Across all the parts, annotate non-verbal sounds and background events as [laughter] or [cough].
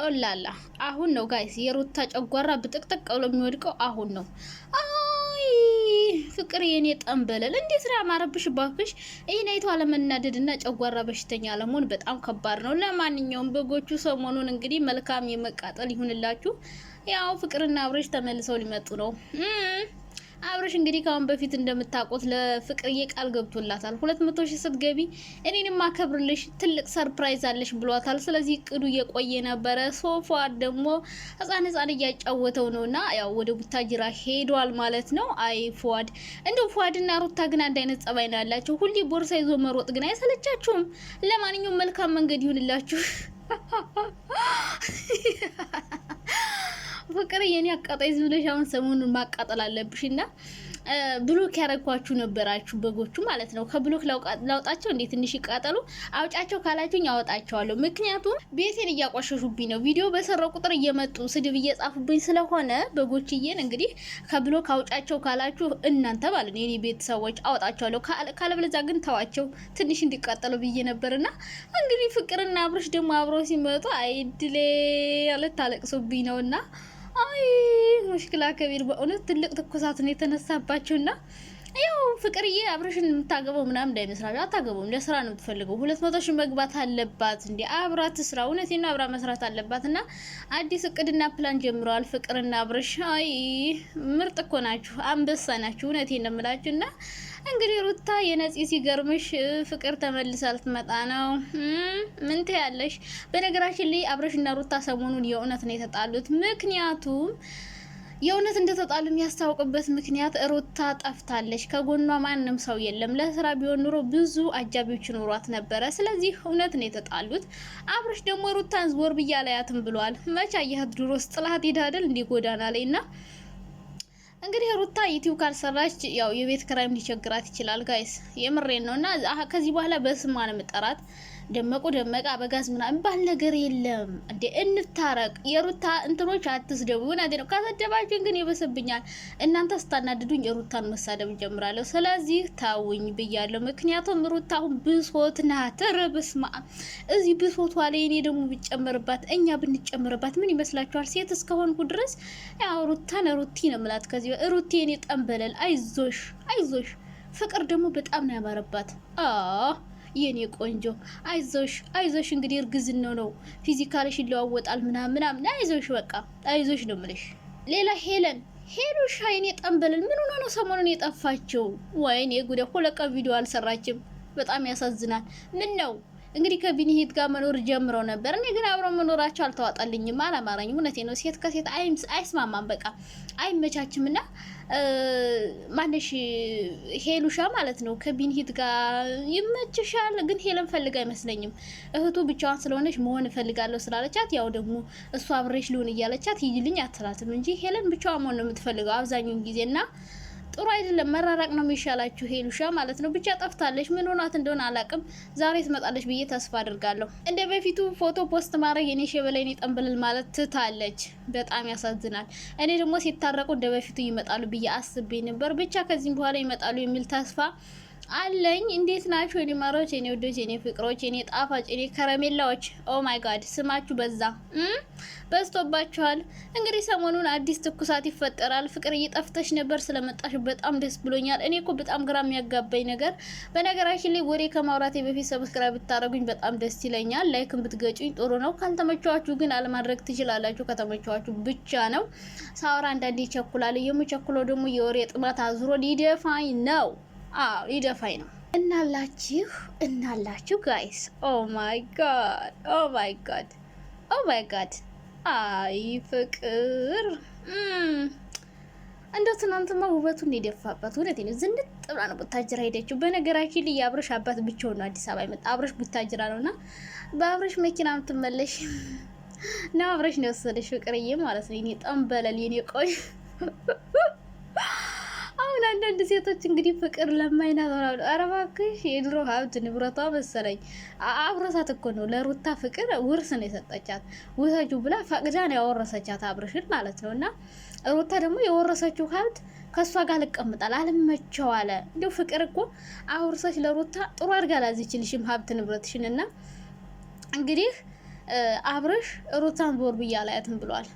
ኦላላ አሁን ነው ጋይስ፣ የሩታ ጨጓራ ብጥቅጥቅ ብሎ የሚወድቀው አሁን ነው። አይ ፍቅር የኔ ጠንበለል እንዴት ነው ያማረብሽ ባክሽ! ይህን አለመናደድ አለመናደድና ጨጓራ በሽተኛ አለመሆን በጣም ከባድ ነው። ለማንኛውም በጎቹ ሰሞኑን እንግዲህ መልካም የመቃጠል ይሁንላችሁ። ያው ፍቅርና አብረሽ ተመልሰው ሊመጡ ነው። አብረሽ እንግዲህ ከአሁን በፊት እንደምታውቁት ለፍቅርዬ ቃል ገብቶላታል። ሁለት መቶ ሺህ ስትገቢ እኔንም አከብርልሽ ትልቅ ሰርፕራይዝ አለሽ ብሏታል። ስለዚህ እቅዱ እየቆየ ነበረ። ሶፋ ደግሞ ህፃን ህፃን እያጫወተው ነው እና ያው ወደ ቡታጅራ ሄዷል ማለት ነው። አይ ፏድ እንዲሁ ፏድና ሩታ ግን አንድ አይነት ጸባይ ነው ያላቸው። ሁሌ ቦርሳ ይዞ መሮጥ ግን አይሰለቻችሁም። ለማንኛውም መልካም መንገድ ይሁንላችሁ። [laughs] ፍቅር የኔ አቃጣይ ዝብለሽ አሁን ሰሞኑን ማቃጠል አለብሽ እና ብሎክ ያደረግኳችሁ ነበራችሁ በጎቹ ማለት ነው። ከብሎክ ላውጣቸው እንዴት ትንሽ ይቃጠሉ። አውጫቸው ካላችሁኝ አወጣቸዋለሁ። ምክንያቱም ቤቴን እያቆሸሹብኝ ነው። ቪዲዮ በሰራው ቁጥር እየመጡ ስድብ እየጻፉብኝ ስለሆነ በጎችዬን እንግዲህ ከብሎክ አውጫቸው ካላችሁ እናንተ ማለት ነው የኔ ቤተሰቦች አወጣቸዋለሁ። ካለበለዚያ ግን ተዋቸው ትንሽ እንዲቃጠሉ ብዬ ነበርና እንግዲህ ፍቅርና አብሮች ደግሞ አብረው ሲመጡ አይድሌ ልታለቅሱብኝ ነው ነውና ሙሽክላ ከቢር በእውነት ትልቅ ትኩሳትን የተነሳባቸውና ያው ፍቅርዬ አብረሽን የምታገበው ምናምን እንዳይመስላችሁ፣ አታገበውም። ለስራ ነው የምትፈልገው። ሁለት መቶ ሺህ መግባት አለባት። እንዲ አብራት ስራ ና አብራ መስራት አለባት። እና አዲስ እቅድና ፕላን ጀምረዋል ፍቅርና አብረሽ። አይ ምርጥ እኮ ናችሁ፣ አንበሳ ናችሁ። እውነት ነው የምላችሁ። እና እንግዲህ ሩታ የነጽ ሲገርምሽ፣ ፍቅር ተመልሳ ልትመጣ ነው። ምን ትያለሽ? በነገራችን ላይ አብረሽና ሩታ ሰሞኑን የእውነት ነው የተጣሉት። ምክንያቱም የእውነት እንደተጣሉም ያስታውቅበት ምክንያት ሩታ ጠፍታለች፣ ከጎኗ ማንም ሰው የለም። ለስራ ቢሆን ኑሮ ብዙ አጃቢዎች ኑሯት ነበረ። ስለዚህ እውነት ነው የተጣሉት። አብርሽ ደግሞ ሩታን ዝወር ብያ ላያትም ብሏል። መቻ የህት ድሮስ ጥላት ሄዳደል እንዲ ጎዳና ላይ ና እንግዲህ ሩታ ዩቲዩብ ካልሰራች ያው የቤት ክራይም ሊቸግራት ይችላል። ጋይስ የምሬን ነው እና ከዚህ በኋላ በስማ ነው የምጠራት ደመቁ ደመቀ አበጋዝ ምናምን ባል ነገር የለም እንዴ! እንታረቅ። የሩታ እንትኖች አትስደቡ። እውነቴን ነው። ከሰደባችሁን ግን ይበስብኛል። እናንተ ስታናድዱኝ የሩታን መሳደብ ጀምራለሁ። ስለዚህ ታውኝ ብያለሁ። ምክንያቱም ሩታ አሁን ብሶት ናት። ረብስማ እዚህ ብሶቷ ላይ እኔ ደግሞ ብጨምርባት እኛ ብንጨምርባት ምን ይመስላችኋል? ሴት እስከሆንኩ ድረስ ያው ሩታን ሩቲ ነው ምላት ከዚህ ሩቲ እኔ ጠንበለል። አይዞሽ አይዞሽ። ፍቅር ደግሞ በጣም ነው ያማረባት። የኔ ቆንጆ አይዞሽ አይዞሽ። እንግዲህ እርግዝናው ነው ፊዚካልሽ ይለዋወጣል ምናምን ምናምን። አይዞሽ በቃ አይዞሽ ነው ምልሽ። ሌላ ሄለን ሄሉሻ የኔ ጠንበልን ምን ሆኖ ነው ሰሞኑን የጠፋቸው? ወይኔ ጉዳይ ሁለት ቀን ቪዲዮ አልሰራችም። በጣም ያሳዝናል። ምን ነው እንግዲህ ከቢኒሂት ጋር መኖር ጀምረው ነበር። እኔ ግን አብረው መኖራቸው አልተዋጣልኝም፣ አላማረኝም። እውነቴ ነው። ሴት ከሴት አይስማማም፣ በቃ አይመቻችም። እና ማነሽ ሄሉሻ ማለት ነው ከቢኒሂት ጋር ይመችሻል፣ ግን ሄለን ፈልግ አይመስለኝም። እህቱ ብቻዋን ስለሆነች መሆን እፈልጋለሁ ስላለቻት ያው ደግሞ እሱ አብሬሽ ሊሆን እያለቻት ይልኝ አትላትም እንጂ ሄለን ብቻዋን መሆን ነው የምትፈልገው አብዛኛውን ጊዜ እና ጥሩ አይደለም። መራራቅ ነው የሚሻላችሁ። ሄሉሻ ማለት ነው ብቻ ጠፍታለች። ምን ሆናት እንደሆነ አላቅም። ዛሬ ትመጣለች ብዬ ተስፋ አድርጋለሁ። እንደ በፊቱ ፎቶ ፖስት ማድረግ የኔ ሸበላይ ጠንብልል ማለት ትታለች። በጣም ያሳዝናል። እኔ ደግሞ ሲታረቁ እንደ በፊቱ ይመጣሉ ብዬ አስቤ ነበር። ብቻ ከዚህም በኋላ ይመጣሉ የሚል ተስፋ አለኝ። እንዴት ናችሁ የኔ ማሮች፣ የኔ ወዶች፣ የኔ ፍቅሮች፣ የኔ ጣፋጭ፣ የኔ ከረሜላዎች? ኦ ማይ ጋድ ስማችሁ በዛ በዝቶባችኋል። እንግዲህ ሰሞኑን አዲስ ትኩሳት ይፈጠራል። ፍቅር እየጠፍተሽ ነበር፣ ስለመጣሽ በጣም ደስ ብሎኛል። እኔ እኮ በጣም ግራ የሚያጋባኝ ነገር በነገራችን ላይ ወሬ ከማውራቴ በፊት ሰብስክራይብ ብታደረጉኝ በጣም ደስ ይለኛል። ላይክን ብትገጩኝ ጥሩ ነው። ካልተመቸዋችሁ ግን አለማድረግ ትችላላችሁ። ከተመቸዋችሁ ብቻ ነው። ሳወራ አንዳንዴ ይቸኩላል። የምቸኩለው ደግሞ የወሬ ጥማት አዙሮ ሊደፋኝ ነው። አዎ ሊደፋኝ ነው። እናላችሁ እናላችሁ ጋይስ ኦ ማይ ጋድ ኦ ማይ ጋድ ኦ ማይ ጋድ አይ ፍቅር hmm! እንደው ትናንትማ ውበቱን የደፋበት እውነት ነው። ዝንጥ ብላ ነው ቡታጅራ ሄደችው። በነገራችን ላይ የአብረሽ አባት ብቻውን ነው አዲስ አበባ የመጣ አብረሽ ቡታጅራ ነው እና በአብረሽ መኪና የምትመለሽ ነው። አብረሽ ነው የወሰደሽ ፍቅርዬ ማለት ነው። የኔ ጠንበለል የኔ ቆይ አንዳንድ ሴቶች እንግዲህ ፍቅር ለማይናት ሆናሉ። ኧረ እባክሽ የድሮ ሀብት ንብረቷ መሰለኝ አብረሳት እኮ ነው ለሩታ ፍቅር ውርስ ነው የሰጠቻት። ውሰጁ ብላ ፈቅዳ ነው ያወረሰቻት አብርሽን ማለት ነው። እና ሩታ ደግሞ የወረሰችው ሀብት ከእሷ ጋር ልቀምጣል አልመቸው አለ። እንዲሁ ፍቅር እኮ አውርሰች ለሩታ ጥሩ አድጋ ላዚችልሽም ሀብት ንብረትሽን እና እንግዲህ አብርሽ ሩታን ዞር ብያ ላያትም ብሏል።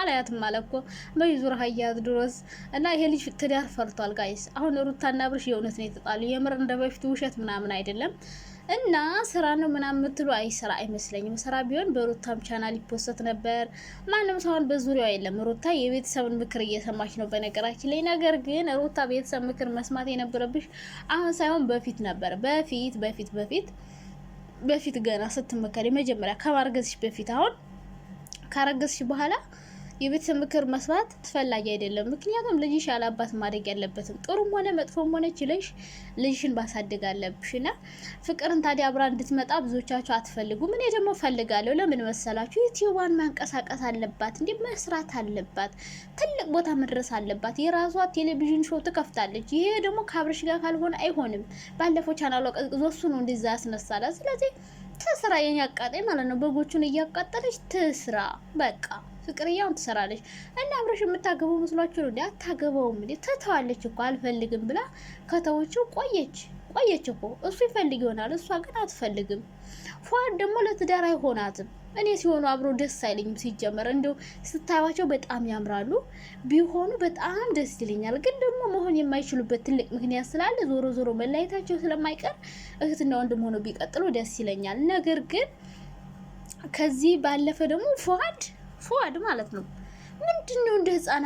አላያትም ማለኮ እኮ በይዙር ሀያት ድሮስ እና ይሄ ልጅ ትዳር ፈርቷል ጋይስ። አሁን ሩታና ብርሽ የእውነት ነው የተጣሉ፣ የምር እንደ በፊቱ ውሸት ምናምን አይደለም። እና ስራ ነው ምናምን የምትሉ አይ ስራ አይመስለኝም። ስራ ቢሆን በሩታም ቻናል ይፖሰት ነበር። ማንም ሰውን በዙሪያው የለም። ሩታ የቤተሰብን ምክር እየሰማች ነው በነገራችን ላይ። ነገር ግን ሩታ ቤተሰብ ምክር መስማት የነበረብሽ አሁን ሳይሆን በፊት ነበር። በፊት በፊት በፊት በፊት ገና ስትመከሪ መጀመሪያ ከማርገዝሽ በፊት አሁን ካረገዝሽ በኋላ የቤተሰብ ምክር መስማት አስፈላጊ አይደለም። ምክንያቱም ልጅሽ ያላባት ማደግ ያለበትም ጥሩም ሆነ መጥፎም ሆነ ችለሽ ልጅሽን ባሳድግ አለብሽ እና ፍቅርን ታዲያ አብራ እንድትመጣ ብዙዎቻችሁ አትፈልጉም። እኔ ደግሞ ፈልጋለሁ። ለምን መሰላችሁ? ዩቲዩባን ማንቀሳቀስ አለባት፣ እንዲህ መስራት አለባት፣ ትልቅ ቦታ መድረስ አለባት። የራሷ ቴሌቪዥን ሾው ትከፍታለች። ይሄ ደግሞ ከአብርሽ ጋር ካልሆነ አይሆንም። ባለፈው ቻናሏ ቀዝቅዞ እሱ ነው እንደዛ ያስነሳላል። ስለዚህ ትስራ የኛ አቃጣይ ማለት ነው። በጎቹን እያቃጠለች ትስራ በቃ። ፍቅርዬ ትሰራለች እና አብረሽ የምታገበው መስሏችሁ ነው። አታገበውም እንዴ ትተዋለች እኮ አልፈልግም ብላ ከተወችው ቆየች ቆየች እኮ እሱ ይፈልግ ይሆናል፣ እሷ ግን አትፈልግም። ፏድ ደግሞ ለትዳር አይሆናትም። እኔ ሲሆኑ አብሮ ደስ አይለኝም። ሲጀመር እንዲሁ ስታዩቸው በጣም ያምራሉ፣ ቢሆኑ በጣም ደስ ይለኛል። ግን ደግሞ መሆን የማይችሉበት ትልቅ ምክንያት ስላለ ዞሮ ዞሮ መለያየታቸው ስለማይቀር እህትና ወንድም ሆኖ ቢቀጥሉ ደስ ይለኛል። ነገር ግን ከዚህ ባለፈ ደግሞ ፏድ ፉአድ ማለት ነው ምንድን ነው እንደ ህፃን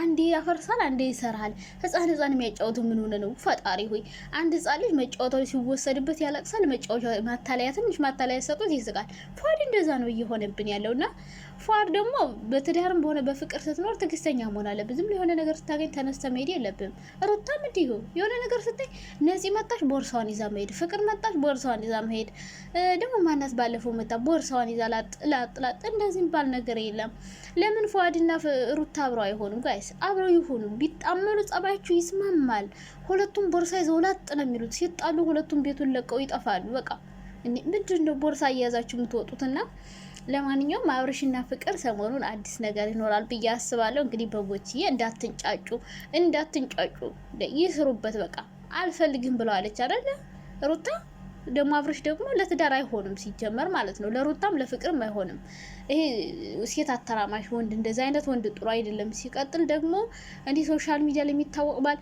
አንዴ ያፈርሳል፣ አንዴ ይሰራል። ህፃን ህፃን የሚያጫወተው ምን ሆነ ነው? ፈጣሪ ሆይ አንድ ህፃን ልጅ መጫወታው ሲወሰድበት ያለቅሳል። መጫወቻ ማታለያ፣ ትንሽ ማታለያ ሰጡት ይስቃል። ፏድ እንደዛ ነው እየሆነብን ያለው እና ፏድ ደግሞ በትዳርም በሆነ በፍቅር ስትኖር ትዕግስተኛ መሆን አለብን። ዝም የሆነ ነገር ስታገኝ ተነስተ መሄድ የለብም። ሩታም እንዲሁ የሆነ ነገር ስታይ ነፂ መጣች ቦርሳዋን ይዛ መሄድ፣ ፍቅር መጣች ቦርሳዋን ይዛ መሄድ። ደግሞ ማናት ባለፈው መጣ ቦርሳዋን ይዛ ላጥላጥላጥ እንደዚህ ባል ነገር የለም ለምን ፏድና ሩታ አብረው አይሆኑም። ጋይስ አብረው ይሆኑም ቢጣመሉ ጸባያቸው ይስማማል። ሁለቱም ቦርሳ ይዘው ላጥ ነው የሚሉት። ሲጣሉ ሁለቱም ቤቱን ለቀው ይጠፋሉ። በቃ ምንድን ነው ቦርሳ እየያዛችሁ የምትወጡትና ለማንኛውም አብርሽና ፍቅር ሰሞኑን አዲስ ነገር ይኖራል ብዬ አስባለሁ። እንግዲህ በቦችዬ እንዳትንጫጩ እንዳትንጫጩ ይስሩበት። በቃ አልፈልግም ብለዋለች አደለ ሩታ ደግሞ አብርሽ ደግሞ ለትዳር አይሆንም ሲጀመር ማለት ነው። ለሩታም ለፍቅርም አይሆንም። ይሄ ሴት አተራማሽ ወንድ እንደዚ አይነት ወንድ ጥሩ አይደለም። ሲቀጥል ደግሞ እንዲህ ሶሻል ሚዲያ ላይ የሚታወቅ ባል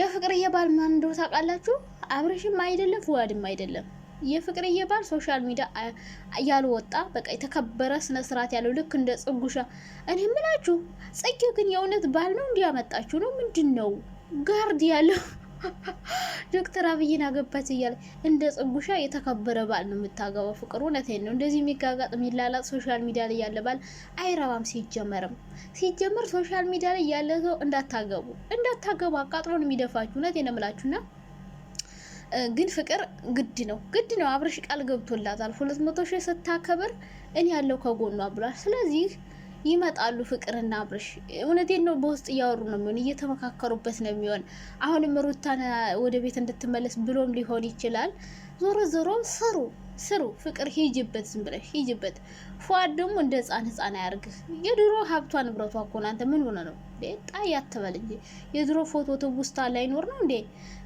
የፍቅርዬ ባል ማን እንደው ታውቃላችሁ? አብርሽም አይደለም ፍዋድም አይደለም። የፍቅርዬ ባል ሶሻል ሚዲያ ያልወጣ በቃ የተከበረ ስነ ስርዓት ያለው ልክ እንደ ጽጉሻ። እኔ ምላችሁ ጽጌ ግን የእውነት ባል ነው እንዲያመጣችሁ ነው ምንድን ነው ጋርድ ያለው ዶክተር አብይን አገባች እያለ እንደ ጽጉሻ የተከበረ ባል ነው የምታገባው። ፍቅር እውነቴን ነው። እንደዚህ የሚጋጋጥ የሚላላጥ ሶሻል ሚዲያ ላይ ያለ ባል አይረባም። ሲጀመርም ሲጀመር ሶሻል ሚዲያ ላይ ያለ ሰው እንዳታገቡ እንዳታገቡ አቃጥሎን የሚደፋችሁ እውነቴን ነው የምላችሁና ግን ፍቅር ግድ ነው ግድ ነው። አብርሽ ቃል ገብቶላታል ሁለት መቶ ሺህ ስታከብር እኔ ያለው ከጎኗ ብሏል። ስለዚህ ይመጣሉ ፍቅርና አብርሽ። እውነቴን ነው። በውስጥ እያወሩ ነው የሚሆን፣ እየተመካከሩበት ነው የሚሆን። አሁንም ሩታን ወደ ቤት እንድትመለስ ብሎም ሊሆን ይችላል። ዞሮ ዞሮ ስሩ ስሩ ፍቅር ሂጅበት፣ ዝም ብለሽ ሂጅበት። ፏድ ደግሞ እንደ ህፃን ህፃን አያርግህ። የድሮ ሀብቷ ንብረቷ እኮ ናንተ ምን ሆነ ነው ጣይ ያተበል እንጂ የድሮ ፎቶ ትውስታ ላይኖር ነው እንዴ?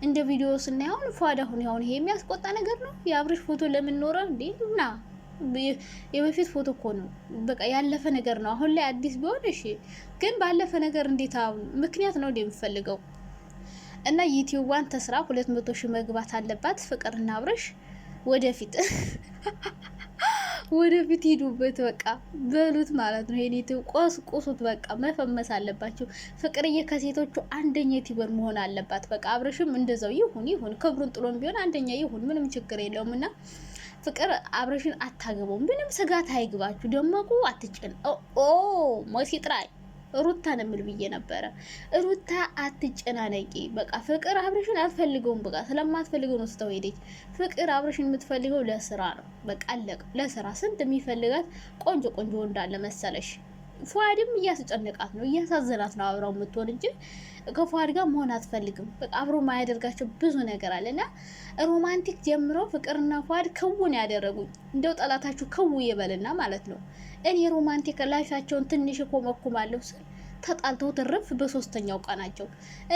እንደ ቪዲዮ ስናየውን ፏድ አሁን ያሁን ይሄ የሚያስቆጣ ነገር ነው። የአብርሽ ፎቶ ለምን ኖረ እንዴ? ና የበፊት ፎቶ እኮ ነው። በቃ ያለፈ ነገር ነው። አሁን ላይ አዲስ ቢሆን እሺ፣ ግን ባለፈ ነገር እንዴት አሁን ምክንያት ነው የምፈልገው? እና ዩቲዩቧን ተስራ ሁለት መቶ ሺህ መግባት አለባት። ፍቅርና አብረሽ ወደፊት [laughs] ወደፊት ሂዱበት፣ በቃ በሉት ማለት ነው። ይሄን ዩቲዩብ ቆስቁሱት፣ በቃ መፈመስ አለባቸው ፍቅርዬ ከሴቶቹ አንደኛ ዩቲዩበር መሆን አለባት። በቃ አብረሽም እንደዛው ይሁን ይሁን፣ ክብሩን ጥሎም ቢሆን አንደኛ ይሁን፣ ምንም ችግር የለውም እና ፍቅር አብረሽን አታገባው። ምንም ስጋት አይግባችሁ። ደመቁ አትጭን ኦ ሞሲ ጥራይ ሩታ ነው የምል ብዬ ነበረ። ሩታ አትጨናነቂ። በቃ ፍቅር አብረሽን አትፈልገውም። በቃ ስለማትፈልገው ነው ስተው ሄደች። ፍቅር አብረሽን የምትፈልገው ለስራ ነው። በቃ አለቀ። ለስራ ስንት የሚፈልጋት ቆንጆ ቆንጆ እንዳለ መሰለሽ ፏድም እያስጨነቃት ነው እያሳዘናት ነው አብረው የምትሆን እንጂ ከፏድ ጋር መሆን አትፈልግም። በቃ አብሮ ማያደርጋቸው ብዙ ነገር አለ እና ሮማንቲክ ጀምሮ ፍቅርና ፏድ ክውን ያደረጉኝ እንደው ጠላታችሁ ክው ይበልና ማለት ነው። እኔ ሮማንቲክ ላይፋቸውን ትንሽ ኮመኩማለሁ ስል ተጣልተው ትርፍ በሶስተኛው ቀናቸው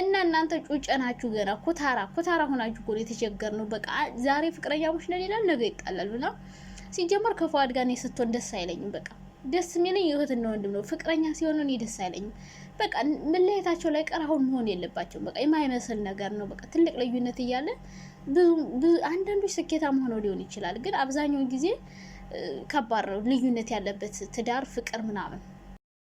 እና እናንተ ጩጨናችሁ ገና ኮታራ ኮታራ ሆናችሁ ጎን የተቸገር ነው። በቃ ዛሬ ፍቅረኛሞች ነን ይላል፣ ነገ ይጣላሉ። ና ሲጀመር ከፏድ ጋር እኔ ስትሆን ደስ አይለኝም በቃ ደስ የሚለኝ እህትና ወንድም ነው። ፍቅረኛ ሲሆን እኔ ደስ አይለኝም። በቃ መለየታቸው ላይ ቀር አሁን መሆን የለባቸውም። በቃ የማይመስል ነገር ነው። በቃ ትልቅ ልዩነት እያለ ብዙ አንዳንዶች ስኬታማ ሆነው ሊሆን ይችላል፣ ግን አብዛኛውን ጊዜ ከባድ ነው ልዩነት ያለበት ትዳር ፍቅር ምናምን